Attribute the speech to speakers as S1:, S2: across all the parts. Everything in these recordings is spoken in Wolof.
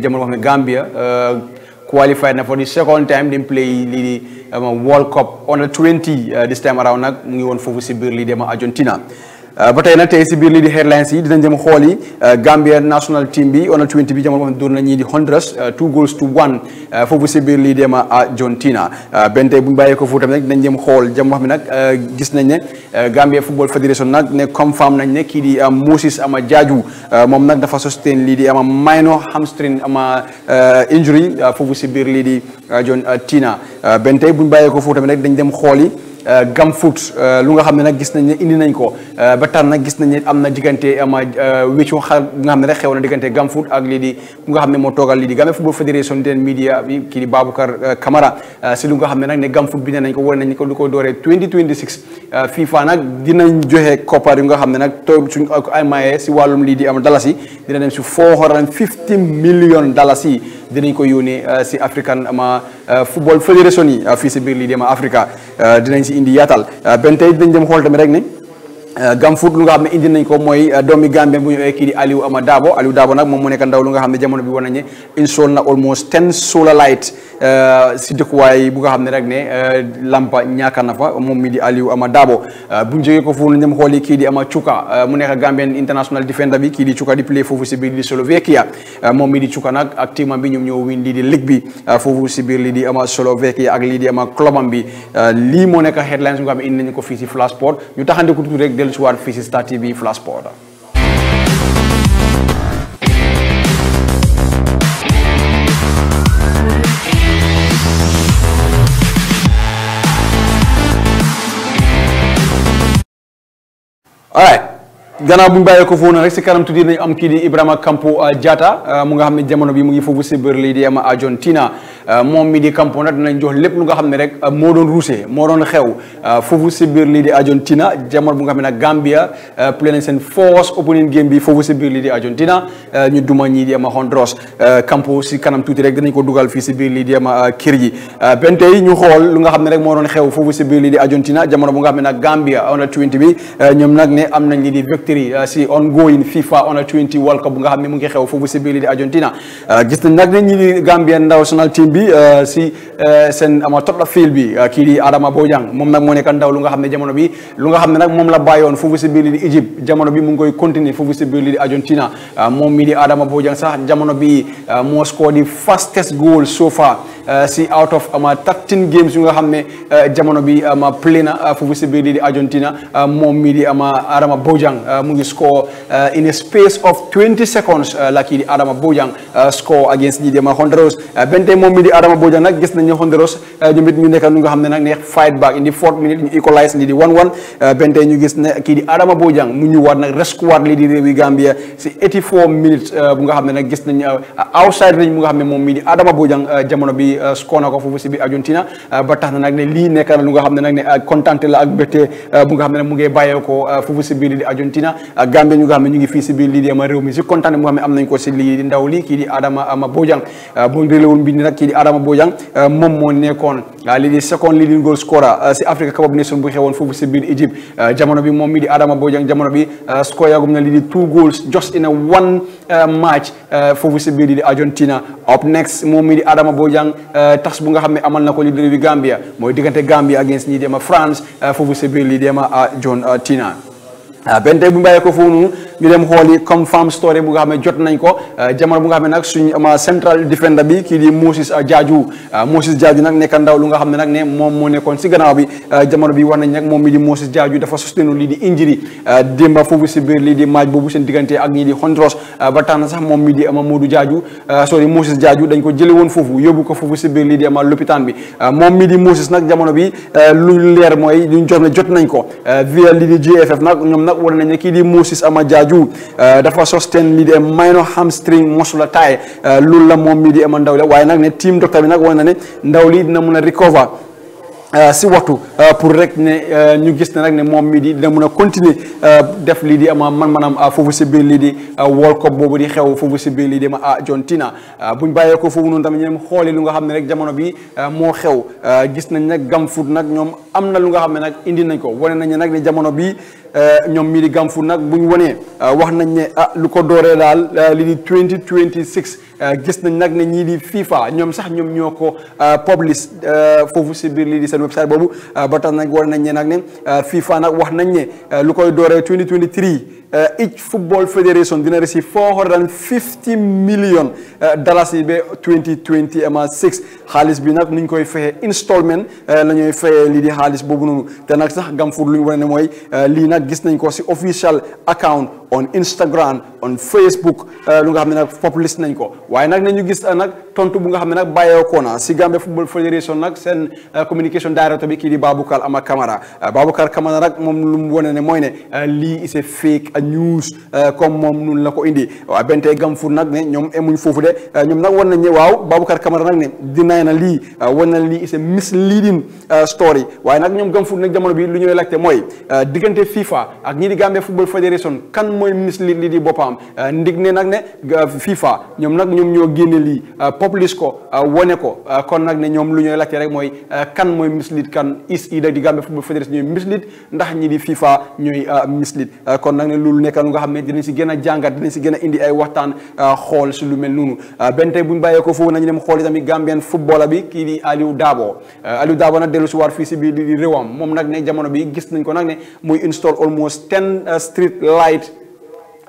S1: jamono wax ne Gambia euh, qualified na for the second time dem play lii di euh, World Cup under euh, 20 this time around nag mu ngi woon foofu si biir lii di Argentina. Euh, ba tey nag tey si biir lii di headlines yi dinañ dem xool yi euh, Gambia national team bi on 20 bi jamono boo xam ne doon na ñii di Honduras euh, two goals to one foofu si biir lii dem Argentina benn tey bu ñu bàyyee ko foofu tamit nag dinañ xool jam mi nag gis nañ ne Gambia Football Federation nag ne confirm nañ ne kii di Moses ama Jaaju moom nag dafa sustain lii di ama minor hamstring ama injury foofu si biir lii di Argentina benn tey bu ñu bàyyee ko foofu tamit nag dañ dem xool yi Euh, gam foot euh, lu nga xam ne nag gis nañ ne indi nañ ko euh, ba tax nag gis nañ ne am na diggante ma wéccu xar nga xam ne rek xew na diggante gam foot ak lii di ku nga xam ne moo toogal lii di Gambia Football Federation den media bi kii di Baboucar si lu nga xam ne nag ne gam foot bi ne nañ ko war nañ ko lu koy dooree 2026 FIFA nag dinañ joxe koppar yu nga xam ne nag toog suñ ko ay maye si wàllum lii di am dalasi si 450 million dalasi dinañ ko yónnee si african ama Euh, football fédération yi euh, fii si biir lii dem Africa euh, dinañ si indi yaatal benn tey dinañ dem xool tamit rek ne Euh, gam Foot lu nga xam ne indi ko mooy euh, doomi Gambien bu ñu wooyee kii Ama Dabo Aliou Dabo nag moom mu nekk ndaw lu nga xam ne jamono bi war nañu ne na almost ten solar light euh, na fa mi di Aliou Ama Dabo bu ñu jógee ko foofu ñu dem xooli kii di Ama Chuka ak team bi ñoom ñoo win ñu taxandi rek dellu si waat fii si Star TV Flash Sport alright gannaaw bu ñu bàyyee ko foofu si kanam am kii di Ibrahima Kampo uh, Diatta uh, mu nga xam ne jamono bi mu ngi foofu si Berlin di am Argentina Euh, moom mi di Campo nag dinañ jox lépp lu nga xam ne rek euh, moo doon ruusee moo doon xew euh, foofu si biir lii di Argentina jamono bu nga xam ne nag Gambia play nañ seen bi foofu di Argentina ñu duma ñii di ama Honduras Campo fii si biir lii di ama kër lu nga xam ne rek moo doon xew foofu si biir lii di Argentina jamono bu nga xam ne nag Gambia under 20 bi ñoom nag ne am nañ lii di si ongoing FIFA under 20 World bu nga xam ne mu ngi xew foofu si biir lii di Argentina gis nag ne ñii Gambia national team bi euh, si euh, seen ama tot a fiil bi euh, Adama Bojang moom nag moo nekk ndaw ne jamono bi lu nga xam ne nag moom la bàyyoon foofu si biir li di Égypte jamono bi mu ngi koy continuer foofu si biir li di Argentina moom mii di Adama Bojang sax jamono bi moo score di fastest goal so far si out of ama 13 games yu nga xam ne jamono bi ama play na foofu si biir li di Argentina moom mii di ama Adama Bojang mu ngi score in a space of 20 seconds la kii di Adama Bojang score against ñi ama Honduras bente moom mii di Adama Bojan nag gis nañu Honduras eh, ñoom it ñu nekka nu nga xam ne nag neex fight back indi fourth minute ñu equalize lii di one one eh, benn tey ñu gis ne kii di Adama Bojan mu ñu waat nag rescuwaat lii di réewi Gambia si 84 minutes eh, bu nga xam ne nag gis nañ outside lañ mu nga xam ne moom mii di Adama Bojan jamono bi score na ko foofu si bi Argentina ba tax na nag ne lii nekk na lu nga xam ne nag ne kontante la ak béttee bu nga xam ne nag mu ngee bàyyee ko foofu si biir lii di Argentina Gambia ñu nga xam ne ñu ngi fii si biir lii di ama réew mi si kontante mu nga xam ne am nañ ko si lii di ndaw lii kii di Adama ama Bojan bu réewul bi nag kii di Adama Bojang euh, moom moo nekkoon euh, lii di second leading goal scorer euh, si Africa Cup of Nations bu xewoon foofu si biir Egypte jamono bi moom mi Adama Bojang jamono bi score yaagum na lii two goals just in one match foofu si Argentina up next moom mi Adama Bojang tas bu nga xam ne amal na ko lii di réewi Gambia mooy diggante Gambia against ñi dem a France foofu si biir lii dem a Argentina benn tey bu ñu bàyyee ñu dem xool yi comme farm story bu nga xam ne jot nañ ko euh, jamono bu nga xam ne nag suñ euh, ma central defender bi kii di Moses Jaaju euh, Moses Jaaju nag nekk ndaw lu nga xam ne nag ne moom moo si gannaaw bi jamono bi wax nañ nag moom mi di Moses Jaaju dafa na sax moom leer mooy luñ jot nañ ko via lii di GFF nag ñoom nag war nañ ne di Moses ama Jaaju ju euh, dafa sustain li di minor hamstring muscular tie euh, loolu la moom mii di ama ndaw la waaye nag ne team docteur bi nag wax na ne ndaw lii dina mun a recover euh, si waxtu pour rek ne ñu gis ne rek ne moom mii di dina mën a continuer def lii di am a man maanaam foofu si biir lii di World Cup boobu di xew foofu si biir lii di ama Argentina buñ bàyyee ko foofu noonu tamit ñu dem xooli lu nga xam ne rek jamono bi moo xew gis nañ nag gam foot nag ñoom am na lu nga xam ne nag indi nañ ko wane nañ nag ne jamono Euh, ñoom mii di Gamful nag bu ñu wanee euh, wax nañ ne ah lu ko dooree daal euh, li di 2026 gis nañ nag ne ñii di FIFA ñoom sax ñoom ñoo ko publish foofu si biir lii di seen website boobu ba tax nag war nañ ne nag ne FIFA nag wax nañ ne lu koy dooree 2023 each football federation dina receive 450 million dollars yi ba 2020 ama 6 xaalis bi nag ni ñu koy fexee installment la ñuy fayee lii di xaalis boobu noonu te nag sax Gamful lu ñu ne mooy lii nag nag gis nañ ko si official account on Instagram on Facebook euh, lu nga xam ne nag populist nañ ko waaye nag nañu gis euh, nag tontu bu nga xam ne nag bàyyoo ko na si Gambia Football Federation nag seen euh, communication director bi kii di Baboucarr Ama Camara Baboucarr Camara nag moom lu mu wane ne mooy ne lii is a fake news comme moom nun la ko indi waaw bentee Gamfour nag ne ñoom emuñ foofu de ñoom nag wan nañ ne waaw Baboucarr Camara nag ne dinaay na lii wan na lii is a misleading story waaye nag ñoom Gamfour nag jamono bi lu ñuy laajte mooy diggante fii FIFA ak ñi di Gambia Football Federation kan mooy ministre li di boppam euh, ndig ne nag ne euh, FIFA ñoom nag ñoom ñoo génne lii euh, populiste ko wone ko kon nag ne ñoom lu ñooy laajte rek mooy kan mooy mislead kan is i da di Gambia Football Federation ñooy ndax ñi di FIFA ñooy mislead kon nag ne lu nekk lu nga xam ne dinañ si gën a jàngat dinañ si gën a indi ay waxtaan xool si lu mel noonu benn tey bu ñu bàyyee ko foofu nañu dem xool itamit Gambian footballer bi kii di Aliou Dabo Aliou Dabo nag dellu si waat fii si biir di réewam moom nag ne jamono bi gis nañ ko nag almost 10 uh, street light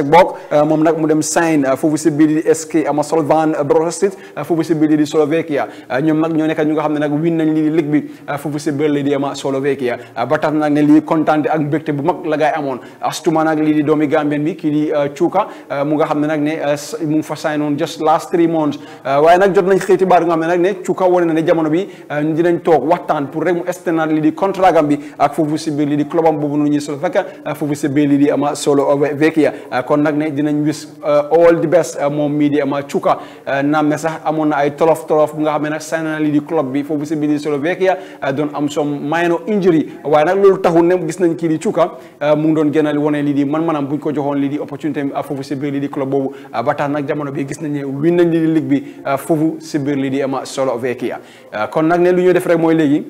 S1: ak bokk euh, moom nag mu dem sign euh, foofu si biir di SK ama Slovan si biir di Slovakia euh, ñoo nekk ñu nga xam ne nag win nañ lii di ligue bi foofu si lii di ama Slovakia ba tax nag lii kontaan ak mbégte bu mag la gaay amoon astuma nag lii di doomi Gambien bi kii di Cuuka nga xam ne nag ne mu ngi fa sign on just last three months waaye nag jot nañ xëyti baar nga ne nag ne na jamono bi dinañ toog waxtaan pour rek mu estanaat lii di contrat am bi ak foofu si lii di club boobu noonu ñuy solo foofu si lii di ama Slovakia kon nag ne dinañ wis euh, all the best euh, moom mii di ama cuka euh, naam ne sax amoon na ay tolof tolof bu nga xam ne nag sànni na lii di club bi foofu si biir Slovakia doon am some minor injury waaye nag loolu taxul ne gis nañ kii di cuka mu ngi doon génnal wane lii di man maanaam buñ ko joxoon lii di opportunité foofu si biir lii di club boobu ba tax nag jamono bi gis nañ ne win nañ lii di ligue bi foofu si biir lii di ama Slovakia kon nag ne lu ñu def rek mooy léegi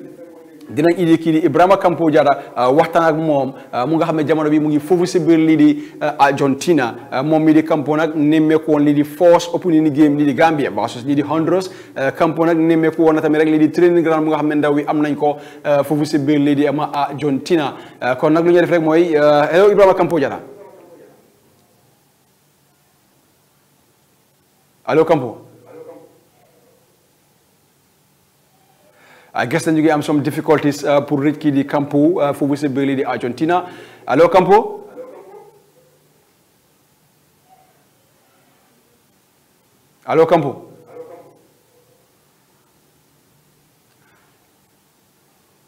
S1: dinañ indi kii di Ibrahima Kampo Diatta euh, waxtaan ak moom euh, mu nga xam ne jamono bi mu ngi foofu si biir lii di euh, Argentina moom mi di Kampo nag nemmeeku woon lii di force opening game lii di Gambia versus lii di Honduras Kampo nag nemmeeku woon na rek lii di training ground mu nga xam ne ndaw yi am ko foofu si biir lii di ama Argentina kon nag lu ñuy def mooy hello Ibrahima Kampo Diatta allo Kampo I guess then you am um, some difficulties uh, pour Ritki di Campo uh, for visibility di Argentina. Hello, Campo? Hello, Campo?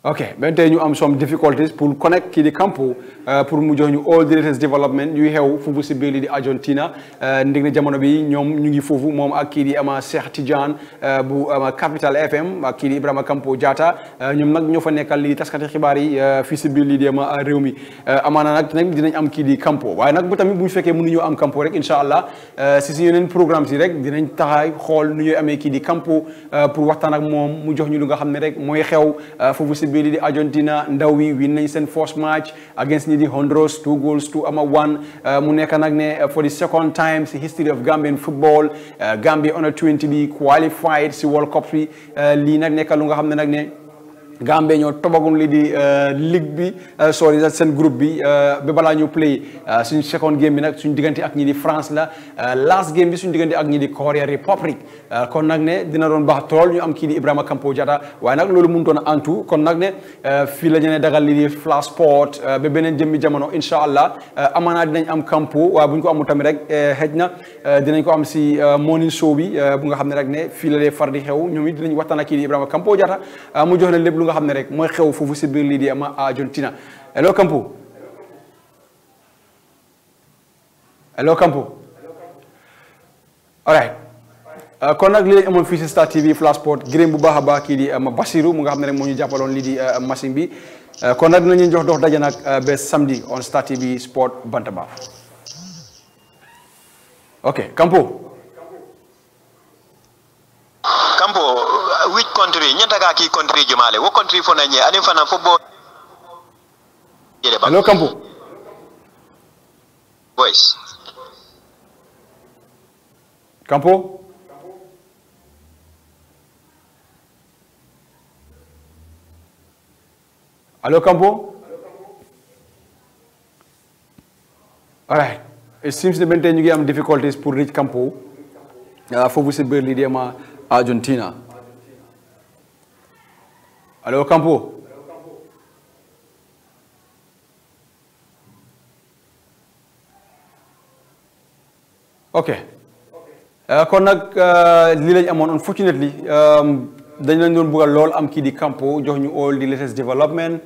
S1: ok Okay, maintain you um, some difficulties pour connect the campo uh, pour mu joñu all the latest development yu xew fufu ci beli di Argentina uh, ndig na jamono bi ñom ñu ngi fofu mom ak ki di ama Cheikh Tidiane uh, bu ama Capital FM ak ki di Ibrahima Campo Diatta euh, ñom nak ñofa nekkal li taskati xibaar yi euh, fi ci beli di ama réew mi euh, amana nak nak dinañ am ki di campo waaye nak tamit bu fekkee mënu ñu am campo rek inshallah ci ci yeneen programme yi rek dinañ taxay xool nu ñuy amee ki di campo pour waxtaan ak moom mu jox ñu lu nga xam ne rek mooy xew fufu ci ɓe ɗiɗi argentina ndawi winnañ sen first match against ñiɗi honduras two goals two ama one uh, mu nekka nag ne uh, for the second time si history of gambian football uh, gambia under 20 bi qualified si world cup bi lii nag nekka lu nga nag ne Gambie ñoo tobagum li di euh, ligue bi euh, sorry seen groupe bi euh, ba balaa ñu play suñu second game bi nag suñu diggante ak ñi di France la last game bi suñu diggante ak ñi di Korea Republic kon nag ne dina doon baax tool ñu am kii di Ibrahima Kampo Jata waaye nag loolu mënutoon a antu kon nag ne fii la ñu ne dagal li di Flash Sport ba beneen jëmmi jamono incha allah amana dinañ am Kampo waaye buñ ko amul tamit rek xëj na dinañ ko am si morning show bi bu nga xam ne rek ne fii la dee far di xew ñoom it dinañ waxtaan ak kii di xam ne rek mooy xew foofu si biir lii di ama Argentina hello Kampo hello Kampo euh, kon nag lii lañ amoon fii si Star TV Flash Sport gërëm bu baax a baax kii di euh, a Basiru mu nga xam ne rek moo ñu jàppaloon lii di euh, machine bi kon nag dinañu jox dox daje nag ba samedi on Star TV Sport Bantaba ok Kampo country ñantaka ki country jumale wo country fo na nye anin fana fo bo hello kambu kampo Allô, Campo? All right. It seems the maintain you have difficulties to reach Campo. Uh, for we see Argentina. Allez au campo. ok euh, kon nag euh, lii lañ amoon unfortunately euh, dañ lañ doon bëggal lool am kii di campo jox ñu all the latest development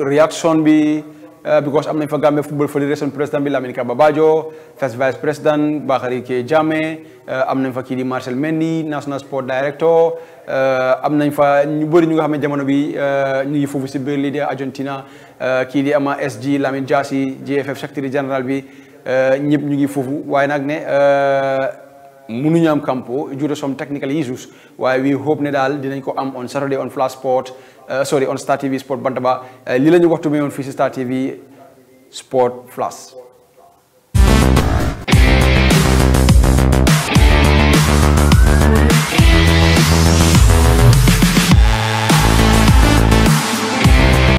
S1: reaction bi Uh, because am nañ fa Gambia Football Federation président bi Lamin Kaba Bajo first vice président Bakary K Jammeh uh, am nañ fa kii di Marcel Mendy national sport director uh, am nañ fa ñu bëri ñu nga xam ne jamono bi ñu ngi foofu si biir lii di Argentina kii di ama SG Lamin Jassy GFF secrétaire général bi ñëpp ñu ngi foofu waaye nag ne mënuñu am campo due to some technical issues waaye we hope daal dinañ ko am on Saturday on Flash Sport euh, sorry on Star TV Sport Bantaba euh, lii la ñu waxtu bi woon fii si Star TV Sport Flash